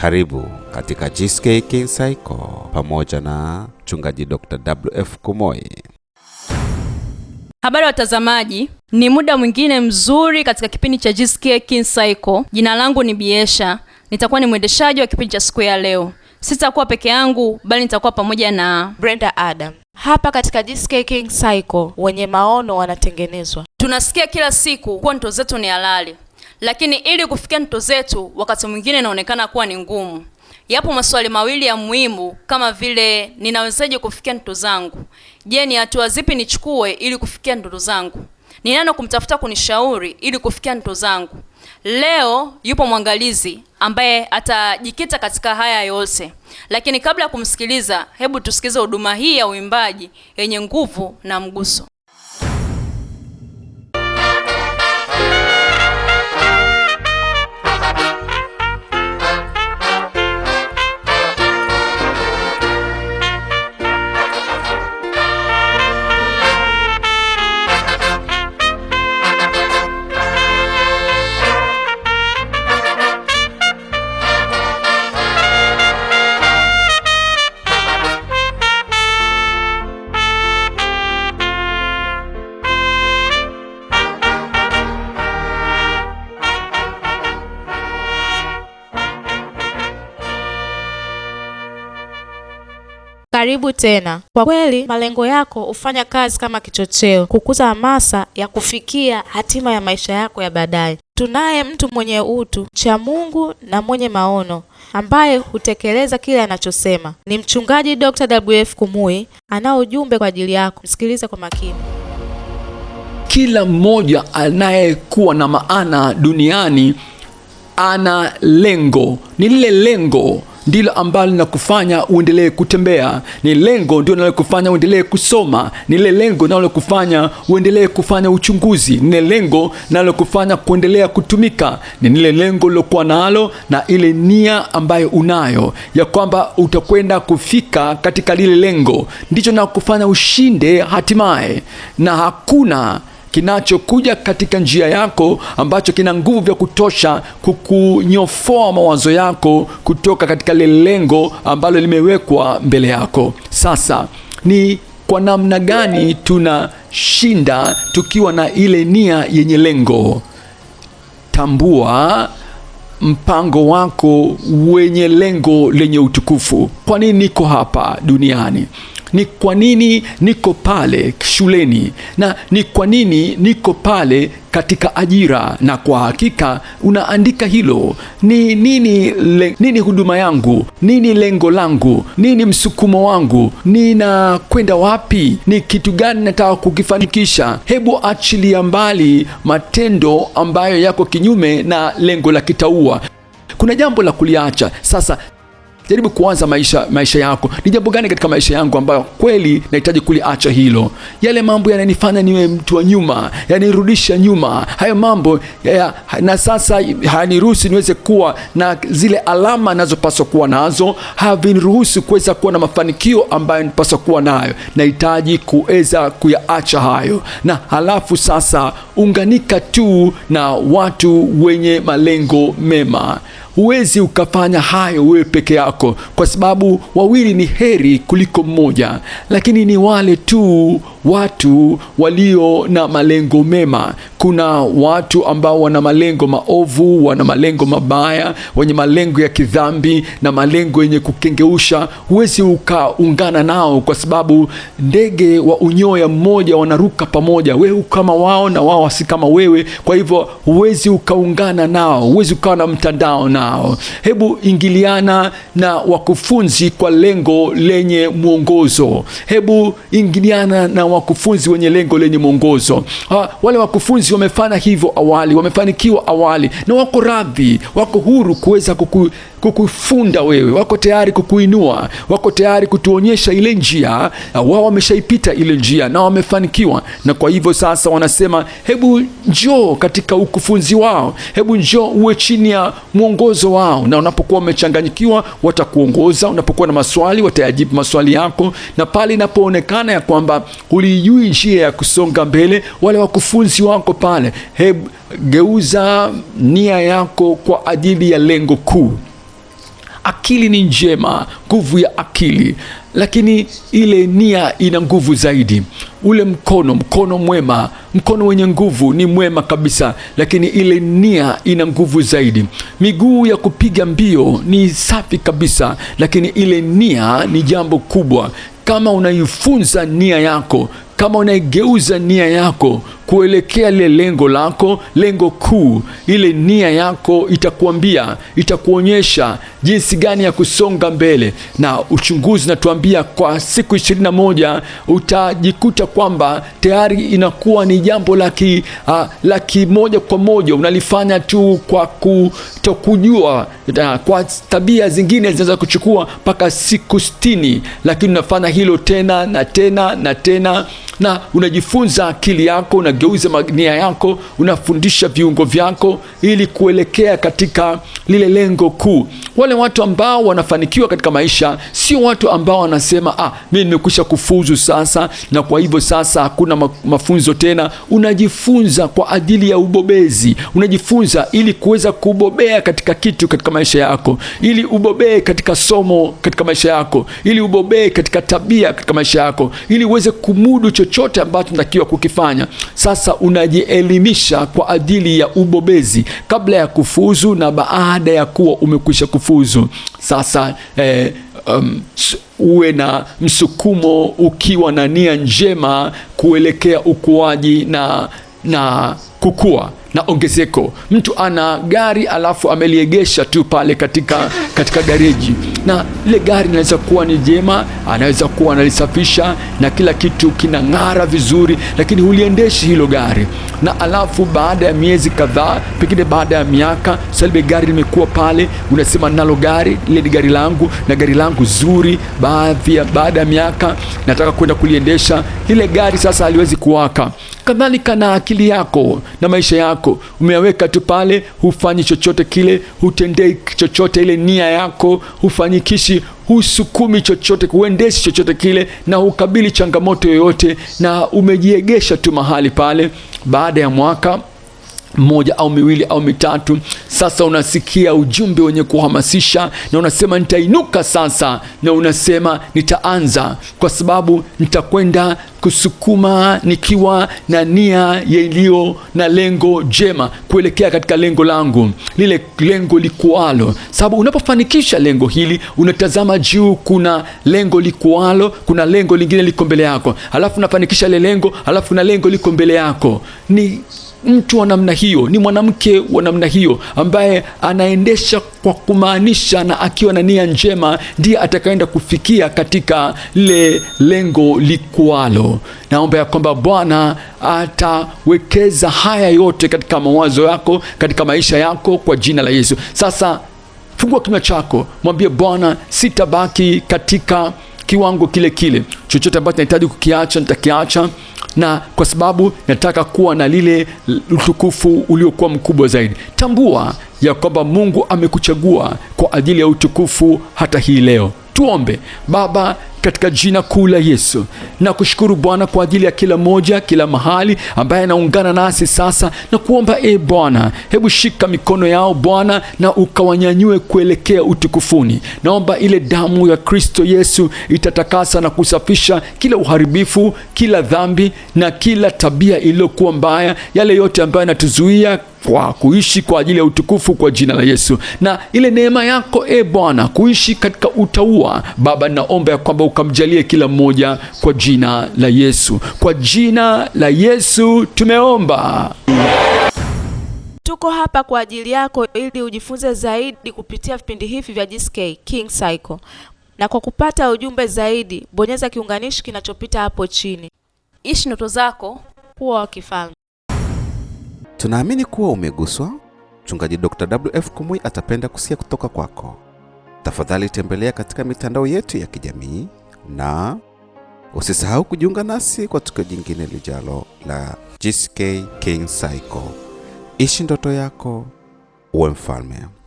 Karibu katika Cheesecake Psycho pamoja na mchungaji Dr. WF Kumoi. Habari watazamaji, ni muda mwingine mzuri katika kipindi cha Cheesecake Psycho. Jina langu ni Biesha, nitakuwa ni mwendeshaji wa kipindi cha siku ya leo. Sitakuwa peke yangu, bali nitakuwa pamoja na Brenda Adam. Hapa katika Cheesecake Psycho, wenye maono wanatengenezwa. Tunasikia kila siku kuwa ndoto zetu ni halali lakini ili kufikia ndoto zetu wakati mwingine inaonekana kuwa ni ngumu. Yapo maswali mawili ya muhimu kama vile ninawezaje kufikia ndoto zangu? Je, ni hatua zipi nichukue ili kufikia ndoto zangu? Ni nani kumtafuta kunishauri ili kufikia ndoto zangu? Leo yupo mwangalizi ambaye atajikita katika haya yote, lakini kabla ya kumsikiliza, hebu tusikize huduma hii ya uimbaji yenye nguvu na mguso. Karibu tena. Kwa kweli malengo yako hufanya kazi kama kichocheo kukuza hamasa ya kufikia hatima ya maisha yako ya baadaye. Tunaye mtu mwenye utu, cha Mungu na mwenye maono ambaye hutekeleza kile anachosema. Ni mchungaji Dr. WF Kumui, anao ujumbe kwa ajili yako. Msikilize kwa makini. Kila mmoja anayekuwa na maana duniani ana lengo, ni lile lengo ndilo ambalo linakufanya uendelee kutembea. Ni lengo ndio linalokufanya uendelee kusoma. Ni ile lengo linalokufanya uendelee kufanya uchunguzi. Ni ile lengo linalokufanya kuendelea kutumika. Ni ile lengo lilokuwa nalo na ile nia ambayo unayo ya kwamba utakwenda kufika katika lile lengo, ndicho nakufanya ushinde hatimaye, na hakuna kinachokuja katika njia yako ambacho kina nguvu vya kutosha kukunyofoa mawazo yako kutoka katika lile lengo ambalo limewekwa mbele yako. Sasa ni kwa namna gani tunashinda tukiwa na ile nia yenye lengo? Tambua mpango wako wenye lengo lenye utukufu. Kwa nini niko hapa duniani? ni kwa nini niko pale shuleni na ni kwa nini niko pale katika ajira. Na kwa hakika unaandika hilo, ni nini, le, nini huduma yangu, nini lengo langu, nini msukumo wangu, ninakwenda wapi, ni kitu gani nataka kukifanikisha. Hebu achilia mbali matendo ambayo yako kinyume na lengo la kitaua. Kuna jambo la kuliacha sasa jaribu kuanza maisha, maisha yako. Ni jambo gani katika maisha yangu ambayo kweli nahitaji kuliacha hilo? Yale mambo yananifanya niwe mtu wa nyuma, yanirudisha nyuma, hayo mambo ya, na sasa hayaniruhusi niweze kuwa na zile alama nazopaswa kuwa nazo, haviniruhusu kuweza kuwa na mafanikio ambayo nipaswa kuwa nayo. Nahitaji kuweza kuyaacha hayo, na halafu sasa unganika tu na watu wenye malengo mema huwezi ukafanya hayo wewe peke yako, kwa sababu wawili ni heri kuliko mmoja, lakini ni wale tu watu walio na malengo mema. Kuna watu ambao wana malengo maovu, wana malengo mabaya, wenye malengo ya kidhambi na malengo yenye kukengeusha. Huwezi ukaungana nao, kwa sababu ndege wa unyoya mmoja wanaruka pamoja, wewe kama wao na wao si kama wewe. Kwa hivyo huwezi ukaungana nao, huwezi ukawa na mtandao nao wao. Hebu ingiliana na wakufunzi kwa lengo lenye mwongozo. Hebu ingiliana na wakufunzi wenye lengo lenye mwongozo. Wale wakufunzi wamefanya hivyo awali, wamefanikiwa awali na wako radhi, wako huru kuweza kuku kukufunda wewe, wako tayari kukuinua, wako tayari kutuonyesha ile njia. Wao wameshaipita ile njia na wamefanikiwa, na kwa hivyo sasa wanasema, hebu njoo katika ukufunzi wao, hebu njoo uwe chini ya mwongozo wao. Na unapokuwa umechanganyikiwa, watakuongoza. Unapokuwa na maswali, watayajibu maswali yako, na pale inapoonekana ya kwamba uliijui njia ya kusonga mbele, wale wakufunzi wako pale, hebu geuza nia yako kwa ajili ya lengo kuu. Akili ni njema, nguvu ya akili, lakini ile nia ina nguvu zaidi. Ule mkono, mkono mwema, mkono wenye nguvu ni mwema kabisa, lakini ile nia ina nguvu zaidi. Miguu ya kupiga mbio ni safi kabisa, lakini ile nia ni jambo kubwa. Kama unaifunza nia yako, kama unaigeuza nia yako kuelekea lile lengo lako, lengo kuu. Ile nia yako itakuambia, itakuonyesha jinsi gani ya kusonga mbele, na uchunguzi natuambia kwa siku ishirini na moja utajikuta kwamba tayari inakuwa ni jambo laki, uh, laki moja kwa moja unalifanya tu kwa kutokujua. Uh, kwa tabia zingine zinaweza kuchukua mpaka siku sitini, lakini unafanya hilo tena na tena na tena, na unajifunza akili yako na unageuza magnia yako, unafundisha viungo vyako ili kuelekea katika lile lengo kuu. Wale watu ambao wanafanikiwa katika maisha sio watu ambao wanasema ah, mimi nimekwisha kufuzu sasa, na kwa hivyo sasa hakuna mafunzo tena. Unajifunza kwa ajili ya ubobezi, unajifunza ili kuweza kubobea katika kitu katika maisha yako, ili ubobee katika somo katika maisha yako, ili ubobee katika tabia katika maisha yako, ili uweze kumudu chochote ambacho unatakiwa kukifanya sasa sasa unajielimisha kwa ajili ya ubobezi kabla ya kufuzu na baada ya kuwa umekwisha kufuzu. Sasa eh, um, uwe na msukumo ukiwa na nia njema kuelekea ukuaji na na kukua na ongezeko. Mtu ana gari alafu ameliegesha tu pale katika, katika gareji, na ile gari inaweza kuwa ni jema, anaweza kuwa analisafisha na kila kitu kinang'ara vizuri, lakini huliendeshi hilo gari, na alafu baada ya miezi kadhaa, pengine baada ya miaka, salibe, gari limekuwa pale, unasema nalo gari ile ni gari langu na gari langu zuri. Baadhi ya baada ya miaka, nataka kwenda kuliendesha ile gari, sasa haliwezi kuwaka. Kadhalika na akili yako na maisha yako umeyaweka tu pale, hufanyi chochote kile, hutendei chochote ile nia yako, hufanyikishi, husukumi chochote, kuendeshi chochote kile, na hukabili changamoto yoyote, na umejiegesha tu mahali pale. Baada ya mwaka moja au miwili au mitatu. Sasa unasikia ujumbe wenye kuhamasisha, na unasema nitainuka sasa, na unasema nitaanza, kwa sababu nitakwenda kusukuma nikiwa na nia yaliyo na lengo jema, kuelekea katika lengo langu lile lengo likualo. Sababu unapofanikisha lengo hili, unatazama juu, kuna lengo likualo, kuna lengo lingine liko mbele yako, alafu unafanikisha ile lengo, alafu na lengo liko mbele yako. Ni mtu wa namna hiyo ni mwanamke wa namna hiyo ambaye anaendesha kwa kumaanisha na akiwa na nia njema, ndiye atakaenda kufikia katika lile lengo likualo. Naomba ya kwamba Bwana atawekeza haya yote katika mawazo yako, katika maisha yako, kwa jina la Yesu. Sasa fungua kinywa chako, mwambie Bwana, sitabaki katika kiwango kile kile. Chochote ambacho nahitaji kukiacha nitakiacha na kwa sababu nataka kuwa na lile utukufu uliokuwa mkubwa zaidi. Tambua ya kwamba Mungu amekuchagua kwa ajili ya utukufu hata hii leo. Tuombe. Baba, katika jina kuu la Yesu na kushukuru Bwana kwa ajili ya kila moja, kila mahali ambaye anaungana nasi sasa, na kuomba e Bwana, hebu shika mikono yao Bwana na ukawanyanyue kuelekea utukufuni. Naomba ile damu ya Kristo Yesu itatakasa na kusafisha kila uharibifu, kila dhambi na kila tabia iliyokuwa mbaya, yale yote ambayo yanatuzuia kwa kuishi kwa ajili ya utukufu kwa jina la Yesu, na ile neema yako e Bwana, kuishi katika utaua. Baba, naomba ya kwamba ukamjalie kila mmoja kwa jina la Yesu, kwa jina la Yesu tumeomba. Tuko hapa kwa ajili yako ili ujifunze zaidi kupitia vipindi hivi vya JSK King Cycle, na kwa kupata ujumbe zaidi bonyeza kiunganishi kinachopita hapo chini. Ishi ndoto zako, kuwa wa kifalme. Tunaamini kuwa umeguswa. Mchungaji Dr. WF Kumui atapenda kusikia kutoka kwako. Tafadhali tembelea katika mitandao yetu ya kijamii na usisahau kujiunga nasi kwa tukio jingine lijalo la jsk King Cycle. Ishi ndoto yako, uwe mfalme.